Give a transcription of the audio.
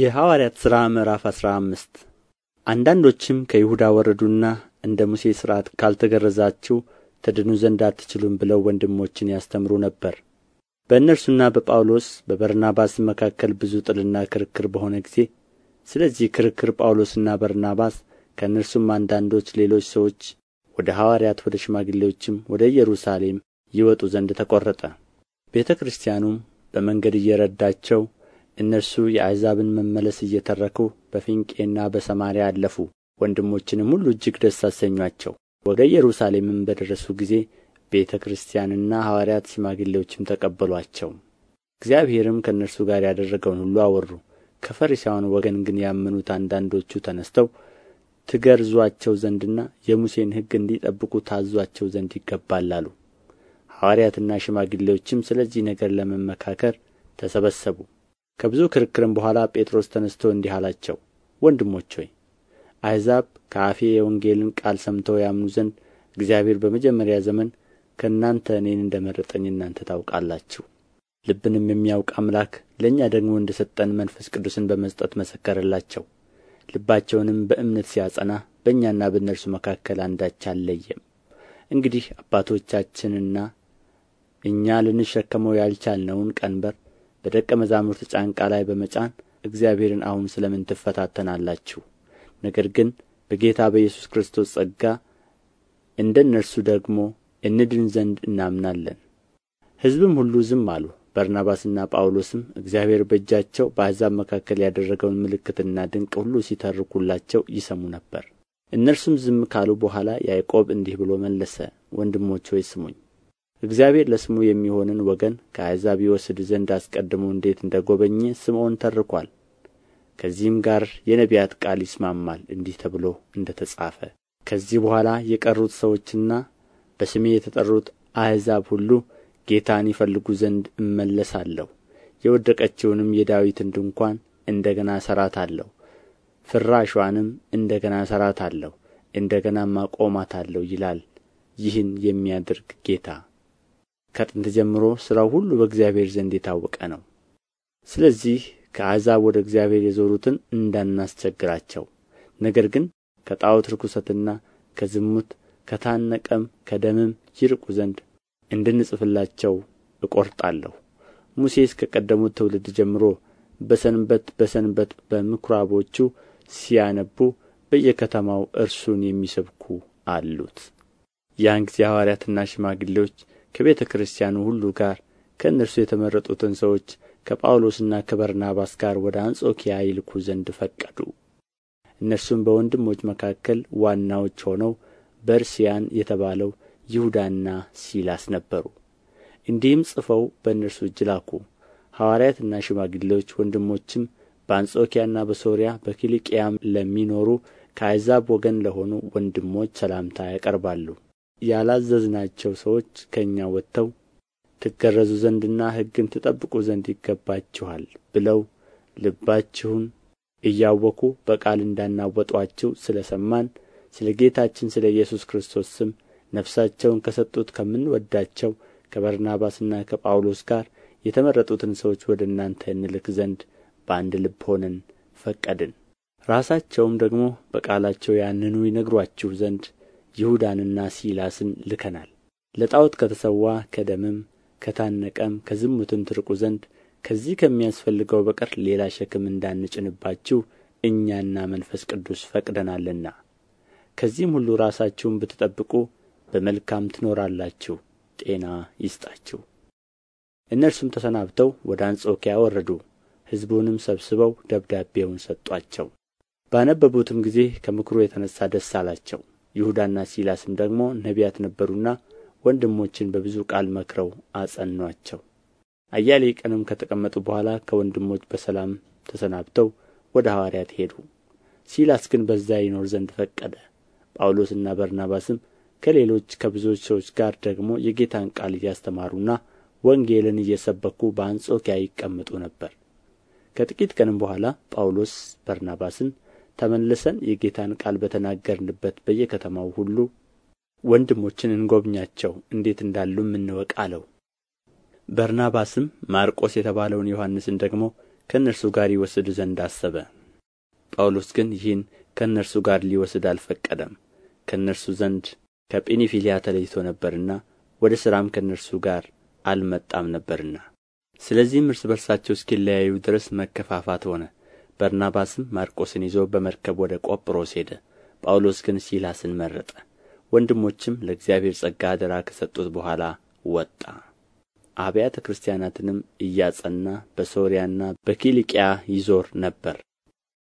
የሐዋርያት ሥራ ምዕራፍ አስራ አምስት አንዳንዶችም ከይሁዳ ወረዱና እንደ ሙሴ ሥርዓት ካልተገረዛችሁ ትድኑ ዘንድ አትችሉም ብለው ወንድሞችን ያስተምሩ ነበር። በእነርሱና በጳውሎስ በበርናባስ መካከል ብዙ ጥልና ክርክር በሆነ ጊዜ ስለዚህ ክርክር ጳውሎስና በርናባስ ከእነርሱም አንዳንዶች ሌሎች ሰዎች ወደ ሐዋርያት ወደ ሽማግሌዎችም ወደ ኢየሩሳሌም ይወጡ ዘንድ ተቈረጠ። ቤተ ክርስቲያኑም በመንገድ እየረዳቸው እነርሱ የአሕዛብን መመለስ እየተረኩ በፊንቄና በሰማርያ አለፉ ወንድሞችንም ሁሉ እጅግ ደስ አሰኙአቸው ወደ ኢየሩሳሌምም በደረሱ ጊዜ ቤተ ክርስቲያንና ሐዋርያት ሽማግሌዎችም ተቀበሏቸው እግዚአብሔርም ከእነርሱ ጋር ያደረገውን ሁሉ አወሩ ከፈሪሳውያን ወገን ግን ያመኑት አንዳንዶቹ ተነስተው ትገርዟቸው ዘንድና የሙሴን ሕግ እንዲጠብቁ ታዟቸው ዘንድ ይገባል አሉ። ሐዋርያትና ሽማግሌዎችም ስለዚህ ነገር ለመመካከር ተሰበሰቡ። ከብዙ ክርክርም በኋላ ጴጥሮስ ተነስቶ እንዲህ አላቸው ወንድሞች ሆይ አሕዛብ ከአፌ የወንጌልን ቃል ሰምተው ያምኑ ዘንድ እግዚአብሔር በመጀመሪያ ዘመን ከእናንተ እኔን እንደ መረጠኝ እናንተ ታውቃላችሁ። ልብንም የሚያውቅ አምላክ ለእኛ ደግሞ እንደ ሰጠን መንፈስ ቅዱስን በመስጠት መሰከረላቸው። ልባቸውንም በእምነት ሲያጸና በእኛና በእነርሱ መካከል አንዳች አልለየም። እንግዲህ አባቶቻችንና እኛ ልንሸከመው ያልቻልነውን ቀንበር በደቀ መዛሙርት ጫንቃ ላይ በመጫን እግዚአብሔርን አሁን ስለ ምን ትፈታተናላችሁ? ነገር ግን በጌታ በኢየሱስ ክርስቶስ ጸጋ እንደ እነርሱ ደግሞ እንድን ዘንድ እናምናለን። ሕዝብም ሁሉ ዝም አሉ። በርናባስና ጳውሎስም እግዚአብሔር በእጃቸው በአሕዛብ መካከል ያደረገውን ምልክትና ድንቅ ሁሉ ሲተርኩላቸው ይሰሙ ነበር። እነርሱም ዝም ካሉ በኋላ ያዕቆብ እንዲህ ብሎ መለሰ፣ ወንድሞች ሆይ ስሙኝ። እግዚአብሔር ለስሙ የሚሆንን ወገን ከአሕዛብ ይወስድ ዘንድ አስቀድሞ እንዴት እንደ ጐበኘ ስምዖን ተርኳል። ከዚህም ጋር የነቢያት ቃል ይስማማል እንዲህ ተብሎ እንደ ተጻፈ ከዚህ በኋላ የቀሩት ሰዎችና በስሜ የተጠሩት አሕዛብ ሁሉ ጌታን ይፈልጉ ዘንድ እመለሳለሁ የወደቀችውንም የዳዊትን ድንኳን እንደ ገና እሠራታለሁ ፍራሿንም እንደ ገና እሠራታለሁ እንደ ገናም አቆማታለሁ ይላል ይህን የሚያደርግ ጌታ ከጥንት ጀምሮ ሥራው ሁሉ በእግዚአብሔር ዘንድ የታወቀ ነው ስለዚህ ከአሕዛብ ወደ እግዚአብሔር የዞሩትን እንዳናስቸግራቸው ነገር ግን ከጣዖት ርኵሰትና ከዝሙት ከታነቀም ከደምም ይርቁ ዘንድ እንድንጽፍላቸው እቈርጣለሁ ሙሴስ ከቀደሙት ትውልድ ጀምሮ በሰንበት በሰንበት በምኵራቦቹ ሲያነቡ በየከተማው እርሱን የሚሰብኩ አሉት ያን ጊዜ ሐዋርያትና ሽማግሌዎች ከቤተ ክርስቲያኑ ሁሉ ጋር ከእነርሱ የተመረጡትን ሰዎች ከጳውሎስና ከበርናባስ ጋር ወደ አንጾኪያ ይልኩ ዘንድ ፈቀዱ። እነርሱም በወንድሞች መካከል ዋናዎች ሆነው በርስያን የተባለው ይሁዳና ሲላስ ነበሩ። እንዲህም ጽፈው በእነርሱ እጅ ላኩ። ሐዋርያትና ሽማግሌዎች ወንድሞችም በአንጾኪያና በሶርያ በኪልቅያም ለሚኖሩ ከአሕዛብ ወገን ለሆኑ ወንድሞች ሰላምታ ያቀርባሉ። ያላዘዝናቸው ሰዎች ከእኛ ወጥተው ትገረዙ ዘንድና ሕግን ትጠብቁ ዘንድ ይገባችኋል ብለው ልባችሁን እያወኩ በቃል እንዳናወጧችሁ ስለ ሰማን ስለ ጌታችን ስለ ኢየሱስ ክርስቶስ ስም ነፍሳቸውን ከሰጡት ከምንወዳቸው ከበርናባስና ከጳውሎስ ጋር የተመረጡትን ሰዎች ወደ እናንተ እንልክ ዘንድ በአንድ ልብ ሆነን ፈቀድን። ራሳቸውም ደግሞ በቃላቸው ያንኑ ይነግሯችሁ ዘንድ ይሁዳንና ሲላስን ልከናል ለጣዖት ከተሠዋ ከደምም ከታነቀም ከዝሙትም ትርቁ ዘንድ ከዚህ ከሚያስፈልገው በቀር ሌላ ሸክም እንዳንጭንባችሁ እኛና መንፈስ ቅዱስ ፈቅደናልና ከዚህም ሁሉ ራሳችሁን ብትጠብቁ በመልካም ትኖራላችሁ ጤና ይስጣችሁ እነርሱም ተሰናብተው ወደ አንጾኪያ ወረዱ ሕዝቡንም ሰብስበው ደብዳቤውን ሰጧቸው ባነበቡትም ጊዜ ከምክሩ የተነሣ ደስ አላቸው ይሁዳና ሲላስም ደግሞ ነቢያት ነበሩና ወንድሞችን በብዙ ቃል መክረው አጸኑአቸው አያሌ ቀንም ከተቀመጡ በኋላ ከወንድሞች በሰላም ተሰናብተው ወደ ሐዋርያት ሄዱ ሲላስ ግን በዚያ ይኖር ዘንድ ፈቀደ ጳውሎስና በርናባስም ከሌሎች ከብዙዎች ሰዎች ጋር ደግሞ የጌታን ቃል እያስተማሩና ወንጌልን እየሰበኩ በአንጾኪያ ይቀመጡ ነበር ከጥቂት ቀንም በኋላ ጳውሎስ በርናባስን ተመልሰን የጌታን ቃል በተናገርንበት በየከተማው ሁሉ ወንድሞችን እንጎብኛቸው እንዴት እንዳሉም እንወቅ አለው በርናባስም ማርቆስ የተባለውን ዮሐንስን ደግሞ ከእነርሱ ጋር ይወስድ ዘንድ አሰበ ጳውሎስ ግን ይህን ከእነርሱ ጋር ሊወስድ አልፈቀደም ከእነርሱ ዘንድ ከጵንፍልያ ተለይቶ ነበርና ወደ ሥራም ከእነርሱ ጋር አልመጣም ነበርና ስለዚህም እርስ በርሳቸው እስኪለያዩ ድረስ መከፋፋት ሆነ በርናባስም ማርቆስን ይዞ በመርከብ ወደ ቆጵሮስ ሄደ ጳውሎስ ግን ሲላስን መረጠ ወንድሞችም ለእግዚአብሔር ጸጋ አደራ ከሰጡት በኋላ ወጣ አብያተ ክርስቲያናትንም እያጸና በሶርያና በኪልቅያ ይዞር ነበር